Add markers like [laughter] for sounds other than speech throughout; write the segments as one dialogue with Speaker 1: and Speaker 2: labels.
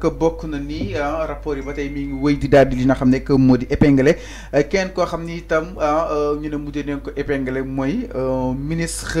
Speaker 1: que bokk na ni ah, rapport yi ba tey mii ngi wéy di daal di li nga xam ne que moo di épinglé kenn koo xam ni itam ah euh, ñu ne mujjee nañ ko épinglé mooy euh, ministre.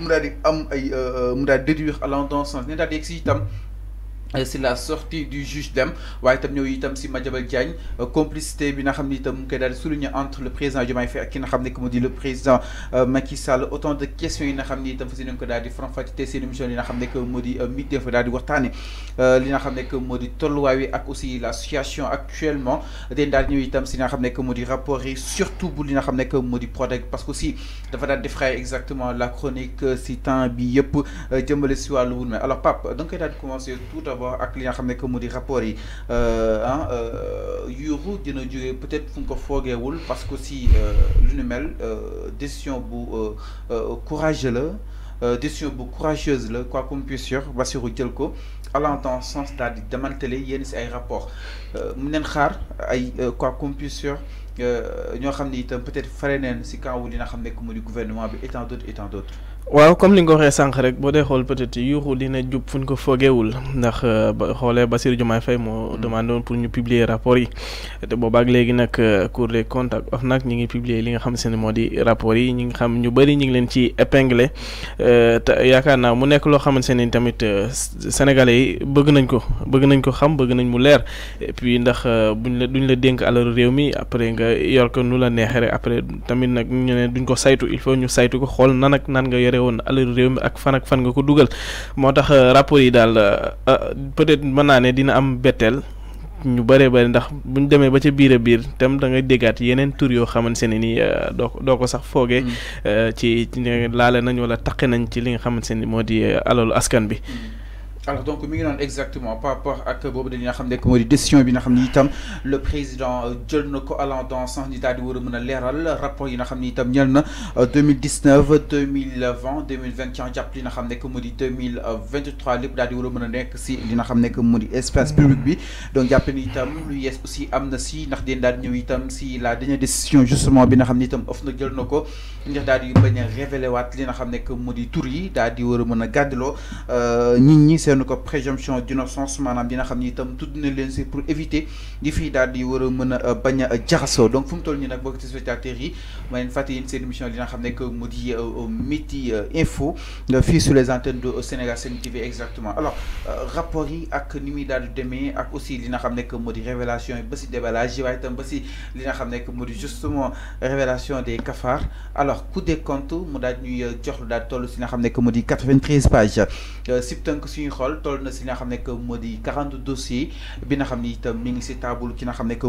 Speaker 1: mu daal di am ay euh, euh, mu daal di déduire allant dans ce sens ne daal di yegg si itam Euh, c'est la sortie du juge d'Em. waaye itam ñëw itam si Madiambal Diagne euh, complicité bi nga xam ni itam mu souligné entre le président Diomaye Faye ak ki nga xam ne que le président euh, Macky Sall autant de questions yi n'a xam ni itam fas yéene ko daal di faram-fàcce te seen émission li nga xam ne que moo di midi fa daal di waxtaane li que ak aussi la situation actuellement des daal ñëw itam si li comme dit rapporté que rapport yi surtout bu li nga xam ne que moo parce que aussi dafa daal di frayer exactement la chronique si temps bi yëpp jëmale si wàllu mais alors Pape Donc elle a commencé tout commencer tout d'abord ak li nga xam ne que mu di rapport yi ah euh, hein, euh, yuuxu dina jógee peut-être fu nga ko foogeewul parce que aussi euh, lu nu mel décision bu le, la décision bu courageuse le, quoi qu'on puisse dire Bassirou jël ko allant dans ce sens daal di damantale yenn si ay rapports, mu neen xaar ay quoi qu'on puisse dire ñoo xam ne peut-être fare neen si kaw li nga xam ne que gouvernement bi et tant d'autres et tant d'autres
Speaker 2: waaw comme ni nga waxee sànq rek boo dee xool peut être yuuxu dina jub fuñ ko fogeewul ndax euh, ba xoolee basir Diomaye Faye moo mm. demandé woon pour ñu publier rapport yi te ak léegi nag euh, cour des comptes ak nag ñu ngi publier li nga xam se ne moo di rapport yi ñi ngi xam ñu bëri ñu ngi leen ci épingle euh, te yaakaar naa mu nekk loo xamante ne tamit sénégalais yi bëgg nañ ko bëgg nañ ko xam bëgg nañ mu leer et puis ndax buñ la duñ la dénk alalu réew mi après nga yor ko nu la neexee rek après tamit nag ñu ne duñ ko saytu il faut ñu saytu ko xool nan ak nan nga yore yore woon alalu réew mi ak fan ak fan nga ko dugal moo tax euh, rapport yi daal euh, euh, peut-être mën naa ne dina am betteel ñu bëree bëri ndax bu ñu demee ba ca biir a biir tam da ngay déggaat yeneen tur yoo xamante ne nii doo doo ko sax foogee mm. ci laale nañ wala taqe nañ ci li nga xamante ne moo di alalu askan bi. Mm.
Speaker 1: alors donc mi ngi exactement par rapport ak boobu dañuy xam ne moo di décision bi nga xam ni le président euh, jël na ko allant dans sens ni daal di war a mën rapport yi nga xam ni itam 2019 2020 2021 jàpp li nga xam ne moo di 2023 lépp daal di war a mën a nekk si li nga xam ne moo espace public bi donc jàpp ni itam lu yees aussi am na si ndax dinañ daal ñëw itam si la dernière décision justement bi nga xam ni itam of na jël di bañ a révélé waat li nga xam ne moo di tur yi daal di war a mën a gàddiloo euh, nit ñi une présomption d'innocence manam dina xam ni itam tudd len leen pour éviter di fi dal di wara meuna mën euh, euh, jaxaso donc fum tolni nak bokk ci spectateurs yi ma leen une yéen de émission dina nga xamné que modi euh, au Midi Info fils sur les antennes de Sénégal 5 TV exactement alors rapport yi ak ni muy daal di demee ak aussi li nga xamné que modi révélation yi ba si déballage yi être un ba si li nga xamné que modi justement révélation des cafards alors coup des comptes mu dal ñuy jox lu daal toll nga que modi 93 pages sib tënk xool na si nga dossiers bi nga xam ni mi ngi table ki n'a que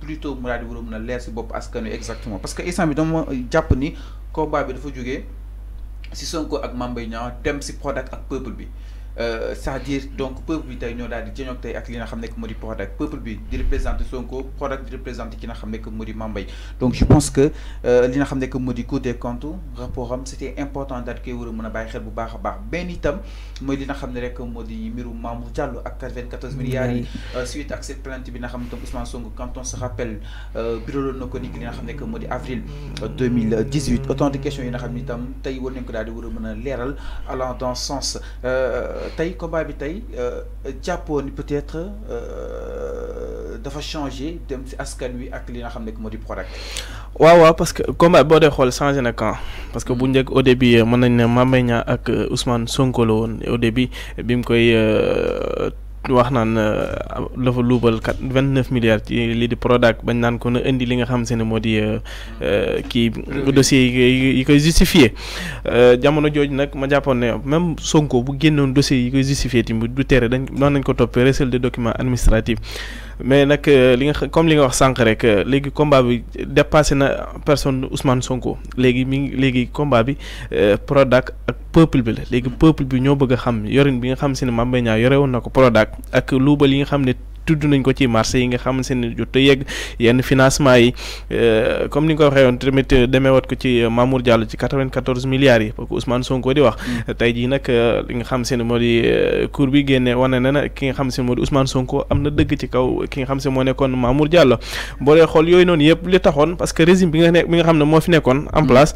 Speaker 1: plutôt mu daal di war a leer si bopp askan wi exactement parce que instant bi dama jàpp ni combat bi dafa jógee si Sonko ak Mame Mbaye Niang dem si Prodac ak peuple bi Euh, c'est-à-dire donc peuple bi tay ñoo daal di jëñok tay ak li nga xam ne que moo di Prodac peuple bi di représenté Sonko product di représenté ki nga xam ne que moo di Mame donc je pense que euh, li nga xam ne que moo di Cour des comptes rapport am c'était important daal koy war a mën a bàyyi xel bu baax a baax benn itam mooy li nga xam ne rek moo di miru Mamour Diallo ak 94 milliards yi euh, suite ak cette plainte bi nga xam ne donc Ousmane Sonko quand on se rappelle biraloon na ko ni li nga xam ne que moo di avril 2018 autant de questions yi nga xam ne itam tey war nañ ko daal di war a mën a leeral allant dans sens tay combat bi tay euh, jàppoo ni peut-être euh, dafa changer dem si askan wi ak li nga xamné ko modi di Prodac.
Speaker 2: waaw waaw parce que combat bo dee xol changer na camp parce que bu hmm. njëkk au début man nañ ne Mame ak Ousmane Sonko la woon au début bim koy euh, wax naan euh, dafa luubal kat vingt neuf milliards ci lii di Prodac bañ naan ko na indi li nga xam se ne moo di euh, euh, kii dossier yi koy justifié jamono jooju nag ma jàppoon ne même Sonko bu génnoon dossier yi koy justifié tamit du tere dañ doon nañ ko toppee recel de document administratifs mais nag euh, li nga xam comme li nga wax sànq rek euh, léegi combat bi dépassé na personne Ousmane Sonko léegi mi ngi léegi combat bi euh, Prodac ak peuple bi la léegi peuple bi ñoo bëgg a xam yorin bi nga xam si ne Mame Mbaye Niang yore woon na ko Prodac ak luubal yi nga xam ne. tudd nañ ko ci marché yi nga xamante ne jot a yegg yenn financement yi euh, comme ni nga ko waxee woon tamit euh, demeewat ko ci euh, Mamour Diallo ci quatre-vingt-quatorze milliards yi parce que Ousmane Sonko di wax mm. tey jii nag nga xam se moo di cour Sonko am na dëgg ci kaw ki nga xam se moo nekkoon Mamour Diallo boo dee yooyu noonu yëpp li taxoon parce que bi nga xam ne moo fi nekkoon en mm. place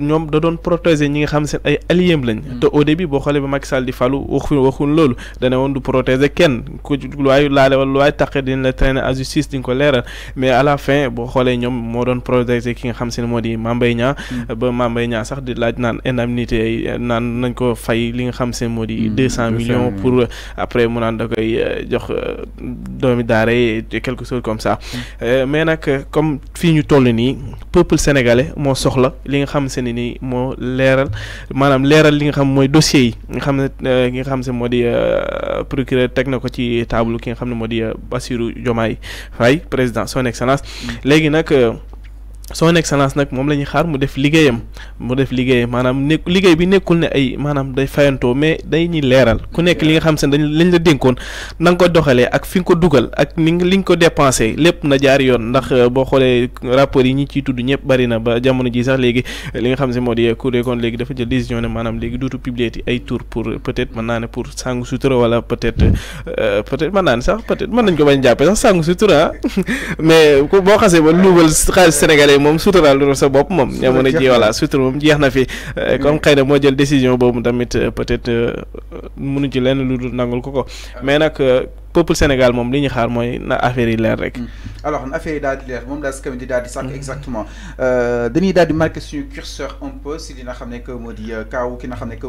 Speaker 2: ñoom da doon protéger ñi nga xam seen ay alliés lañ mm. te au début boo faale wala lu waay dina la traîner à justice ding ko leeral mais à la fin bo xolé ñom mo doon projeté ki nga xam si modi moo di Niang mm. ba Mame Mbaye Niang sax di laaj nan indemnité nan nañ ko fay li nga xam si modi 200 mm, millions pour après mu naan da koy euh, jox euh, doomi daara yi quelque chose comme ça mm. euh, mais nak comme fii ñu toll ni peuple sénégalais mo soxla li nga xam se ni mo moo manam maanaam li nga xam moy dossier yi nga xam nga xam se modi procureur tek na ko ci table ki nga xam moo di Bassirou Diomaye Faye président son excellence nak nag euh, son excellence nag moom la ñuy xaar mu def liggéeyam mu def liggéeyam maanaam ne liggéey bi nekkul ne ay maanaam day fayantoo mais li nga xam se ne dañ la dénkoon na nga ko doxalee ak fi nga ko dugal ak li nga ko dépensé lépp na jaar yoon ndax euh, boo xoolee rapport yi ñi ciy tudd ñëpp bari na ba jamono ji sax léegi li nga xam se moo di euh, Cour des comptes léegi dafa jël décision ne maanaam léegi euh, ne pour sàngu sutura wala peut-être peut-être mën ko bañ jàppee sax sàngu sutura ah. [laughs] mais boo xasee ba luubal xaalis sénégalais tey moom suturaalul sa bopp moom jamono ji voilà sutura moom jeex na fi mm. eh, comme xëy moo jël décision boobu tamit euh, peut-être euh, mënu ci lenn lu dul nangul ko ko ah. mais nag euh, peuple Sénégal mom li xaar moy na mm.
Speaker 1: alors na affaire yi daal di leer moom daal curseur un peu si que ki que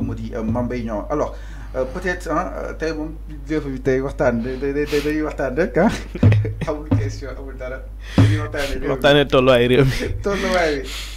Speaker 1: alors euh, peut-être hein, euh, [laughs]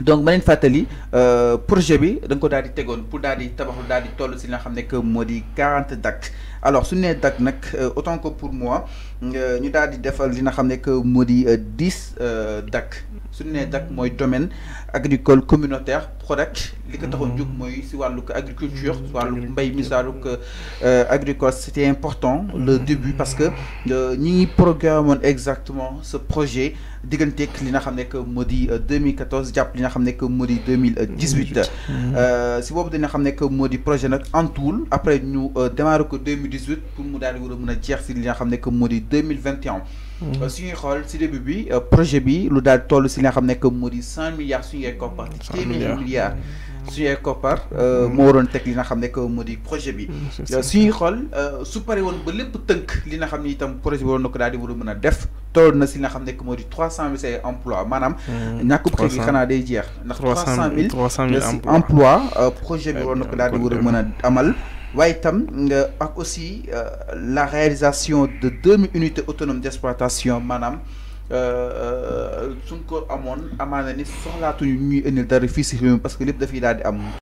Speaker 1: donc Malin Fatali euh, projet bi dañ ko daldi tégon pour daldi tabaxul daldi tollu ci nga xamné que modi 40 dak alors su né dak nak autant que pour moi ñu euh, défal li xamné que modi euh, 10 euh, dak su né moy domaine agricole communautaire product li ko taxoon jóg si wàllu agriculture si wàllu mbay mi euh, agricole c'était important le mm-hmm. début parce que euh, ñi programme exactement ce projet digganteeg li nga xam que Modi 2014 japp li nga xam que Modi 2018 mm-hmm. euh, si bobu dina xam que Modi projet nak en tout après ñu démarrer ko 2018 pour mu dal di mëna jeex si li nga xam que Modi 2021 euh, suñuy xool si début bi euh, projet bi lu daal toll si nga xam ne que moo di cent milliards suñu ay koppar. téeméeri milliards mm. suñu ay koppar. Euh, mm. moo waroon teg li nga xam ne que moo di projet bi. Mm, suñuy xool su pare woon ba lépp tënk li nga xam ni itam projet bi waroon na ko daal di war a mën a def. toll na si nga xam ne que moo di trois mille ay emploi maanaam. ñàkkub xëy bi xanaa day jeex. ndax trois cent mille trois emploi projet bi waroon na ko daal di war a mën a amal waaye euh, aussi euh, la réalisation de 2000 unités autonomes d'exploitation madame, euh, suñ ko amoon amane ni soxlaatuñu ñuy indil dara fii si parce que lépp dafay daal di am